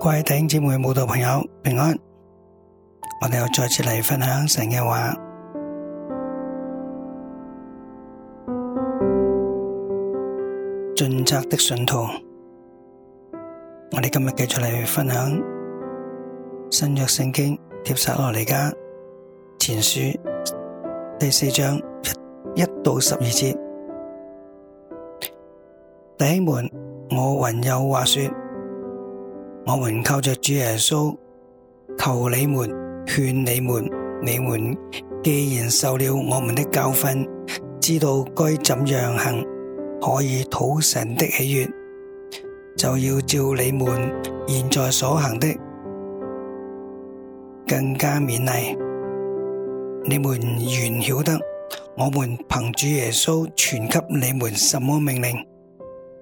各位弟兄姊妹、舞蹈朋友平安，我哋又再次嚟分享神嘅話，盡責的信徒。我哋今日繼續嚟分享新約聖經帖撒羅尼迦前書第四章一到十二節。弟兄們，我還有話說。我們靠着主耶穌，求你們，勸你們，你們既然受了我們的教訓，知道該怎樣行，可以討神的喜悦，就要照你們現在所行的更加勉勵。你們原曉得，我們憑主耶穌傳給你們什麼命令，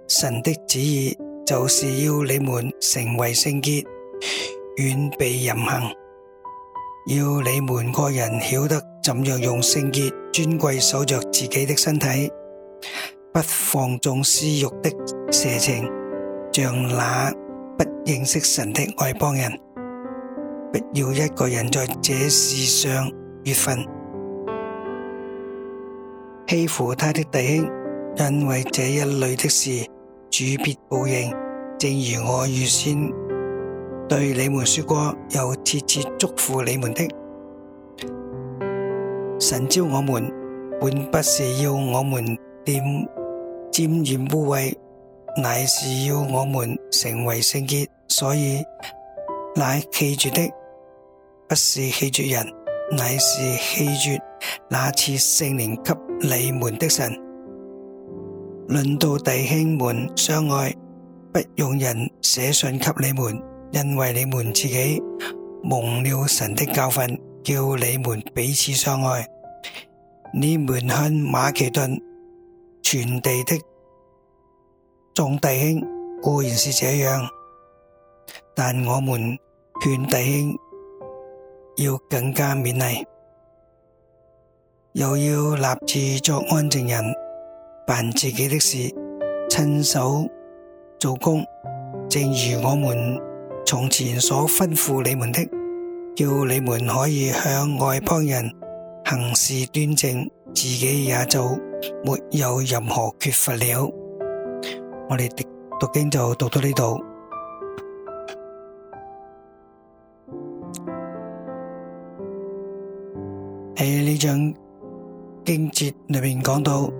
神的旨意。就是要你們成為聖潔，遠避淫行；要你們個人曉得怎樣用聖潔尊貴守着自己的身體，不放縱私慾的邪情，像那不認識神的外邦人。不要一個人在這事上越分，欺負他的弟兄，因為這一類的事主必報應。正如我預先對你們說過，又切切囑咐你們的，神召我們，本不是要我們沾染污穢，乃是要我們成為聖潔。所以，乃棄絕的，不是棄絕人，乃是棄絕那次聖靈給你們的神。論到弟兄們相愛。不用人寫信給你們，因為你們自己蒙了神的教訓，叫你們彼此相愛。你們向馬其頓全地的眾弟兄，固然是這樣，但我們勸弟兄要更加勉勵，又要立志作安靜人，辦自己的事，親手。做工，正如我們從前所吩咐你們的，叫你們可以向外邦人行事端正，自己也就沒有任何缺乏了。我哋讀經就讀到呢度。喺呢章經節裏面講到，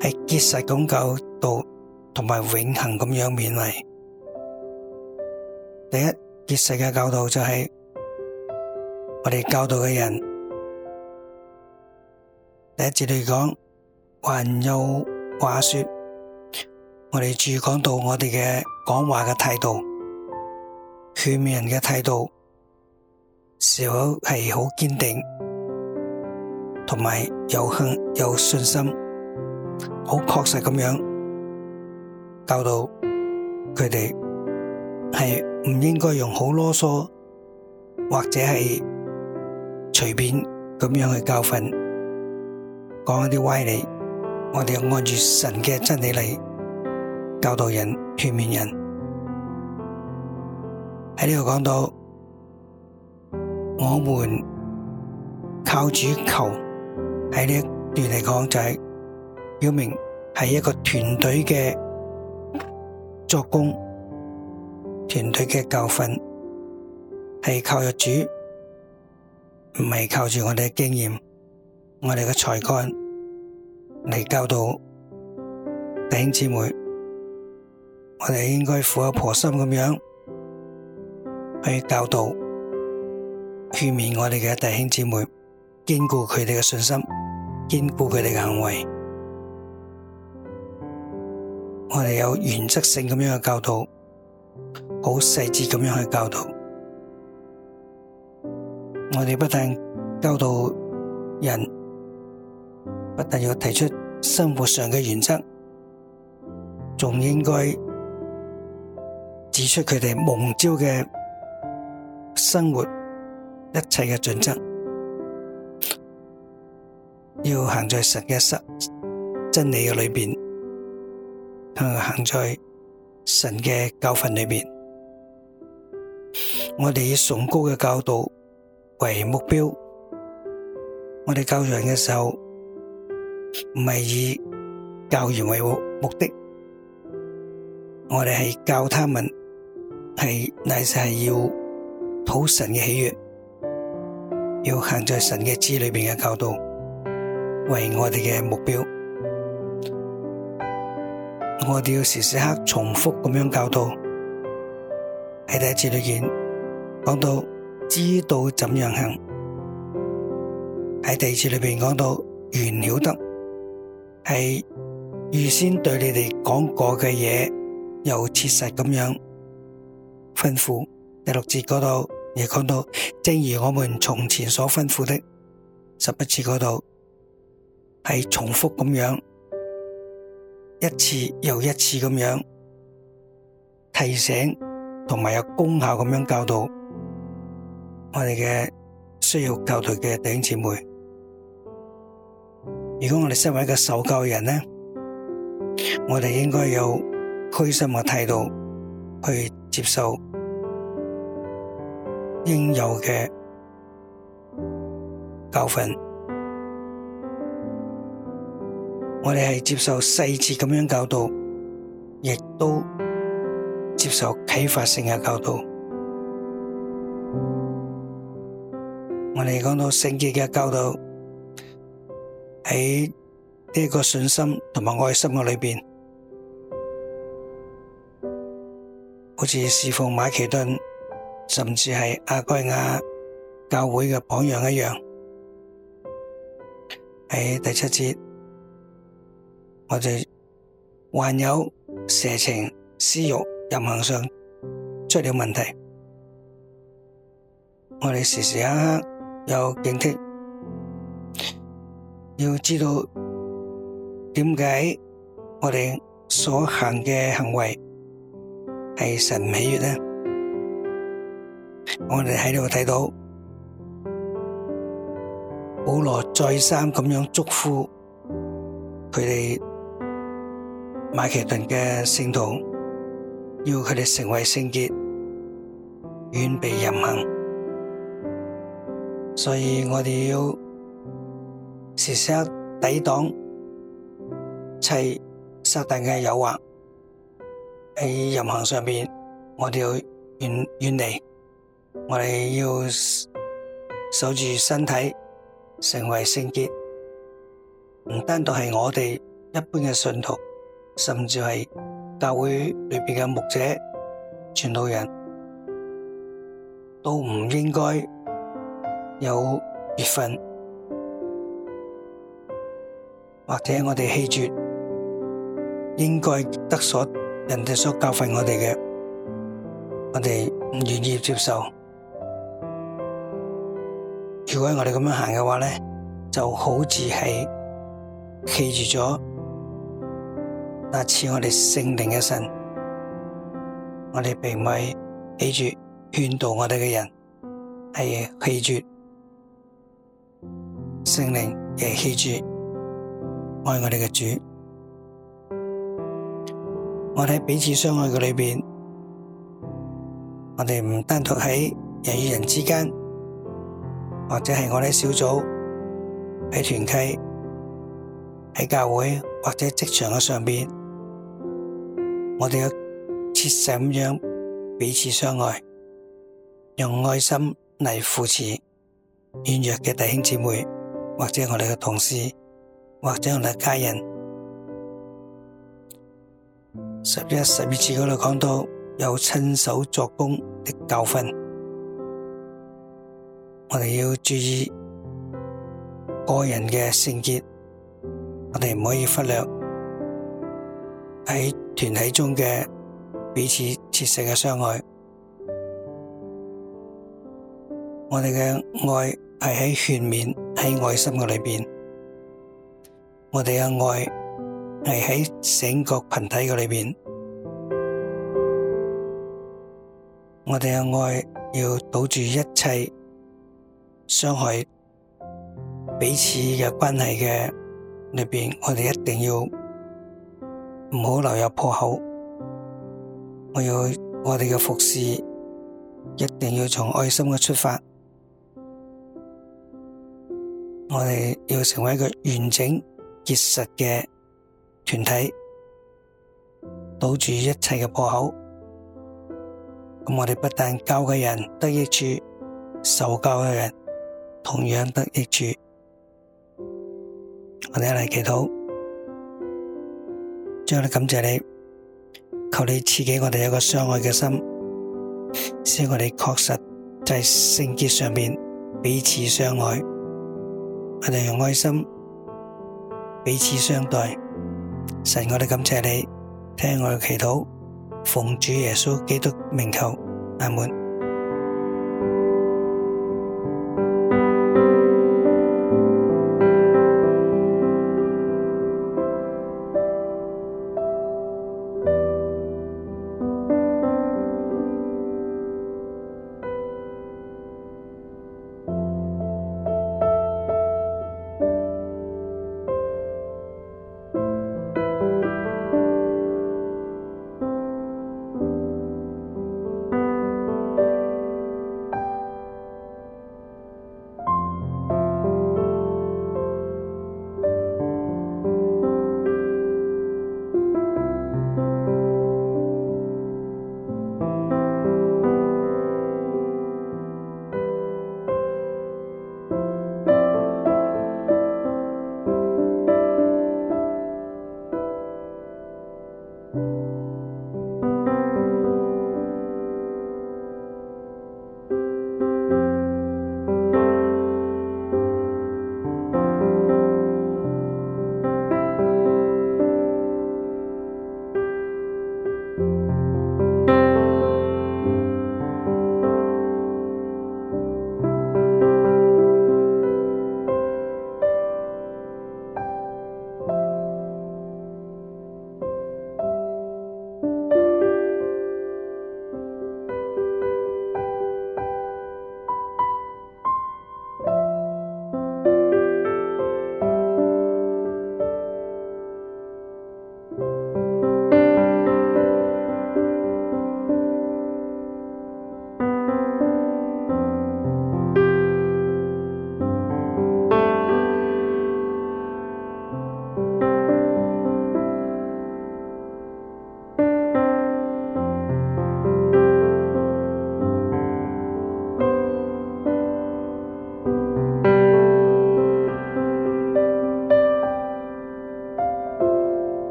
係結實講究到同埋永恒咁樣勉勵。第一，結實嘅教導就係、是、我哋教導嘅人。第一節嚟講，還有話說，我哋注講到我哋嘅講話嘅態度，勸人嘅態度是否係好堅定，同埋有幸有信心，好確實咁樣。教導佢哋係唔應該用好囉嗦或者係隨便咁樣去教訓，講一啲歪理。我哋要按住神嘅真理嚟教導人、勸勉人。喺呢度講到，我們靠主求喺呢一段嚟講，就係表明係一個團隊嘅。作工團隊嘅教訓係靠入主，唔係靠住我哋嘅經驗、我哋嘅才幹嚟教導弟兄姊妹。我哋應該苦口婆心咁樣去教導，勸勉我哋嘅弟兄姊妹，堅固佢哋嘅信心，堅固佢哋嘅行為。我哋有原則性咁樣嘅教導，好細緻咁樣去教導。我哋不但教導人，不但要提出生活上嘅原則，仲應該指出佢哋蒙召嘅生活一切嘅準則，要行在神嘅實真理嘅裏邊。行在神嘅教訓裡面，我哋以崇高嘅教導為目標。我哋教人嘅時候，唔係以教育為目的，我哋係教他們係乃是係要討神嘅喜悅，要行在神嘅旨裡面嘅教導，為我哋嘅目標。我哋要時時刻重複咁樣教導，喺第一次裏面講到知道怎樣行；喺第二次裏邊講到完曉得，係預先對你哋講過嘅嘢又切實咁樣吩咐。第六節嗰度亦講到，正如我們從前所吩咐的，十一節嗰度係重複咁樣。一次又一次咁樣提醒，同埋有功效咁樣教導我哋嘅需要教導嘅弟兄姊妹。如果我哋身為一個受教嘅人呢，我哋應該有虛心嘅態度去接受應有嘅教訓。我哋係接受細節咁樣教導，亦都接受啟發性嘅教導。我哋講到聖潔嘅教導喺呢一個信心同埋愛心嘅裏邊，好似侍奉馬其頓，甚至係阿該亞教會嘅榜樣一樣，喺第七節。我哋還有蛇情私欲淫行上出了問題，我哋時時刻刻有警惕，要知道點解我哋所行嘅行為係神喜悦呢？我哋喺度睇到保羅再三咁樣囑咐佢哋。馬其頓嘅聖徒要佢哋成為聖潔，遠避淫行。所以我哋要時時抵擋一切撒旦嘅誘惑喺淫行上邊，我哋要遠遠離。我哋要守住身體，成為聖潔，唔單獨係我哋一般嘅信徒。甚至係教會裏邊嘅牧者、傳道人，都唔應該有怨憤，或者我哋棄絕，應該得所人哋所教訓我哋嘅，我哋唔願意接受。如果我哋咁樣行嘅話咧，就好似係棄絕咗。那似我哋聖靈嘅神，我哋並唔係起住勸導我哋嘅人，係起住聖靈，亦係起住愛我哋嘅主。我哋喺彼此相愛嘅裏邊，我哋唔單獨喺人與人之間，或者係我哋小組喺團契、喺教會或者職場嘅上邊。我哋要切實咁樣彼此相愛，用愛心嚟扶持軟弱嘅弟兄姊妹，或者我哋嘅同事，或者我哋嘅家人。十一、十二次嗰度講到有親手作工的教訓，我哋要注意個人嘅聖潔，我哋唔可以忽略喺。團體中嘅彼此切實嘅傷害，我哋嘅愛係喺勸勉，喺愛心嘅裏邊，我哋嘅愛係喺醒覺群體嘅裏邊，我哋嘅愛要堵住一切傷害彼此嘅關係嘅裏邊，我哋一定要。唔好留有破口，我要我哋嘅服侍一定要從愛心嘅出發，我哋要成為一個完整結實嘅團體，堵住一切嘅破口。咁我哋不但教嘅人得益處，受教嘅人同樣得益處。我哋一齊祈禱。感謝你，求你賜給我哋一個相愛嘅心，使我哋確實在聖潔上面彼此相愛，我哋用愛心彼此相待。神，我哋感謝你，聽我嘅祈禱，奉主耶穌基督名求，阿門。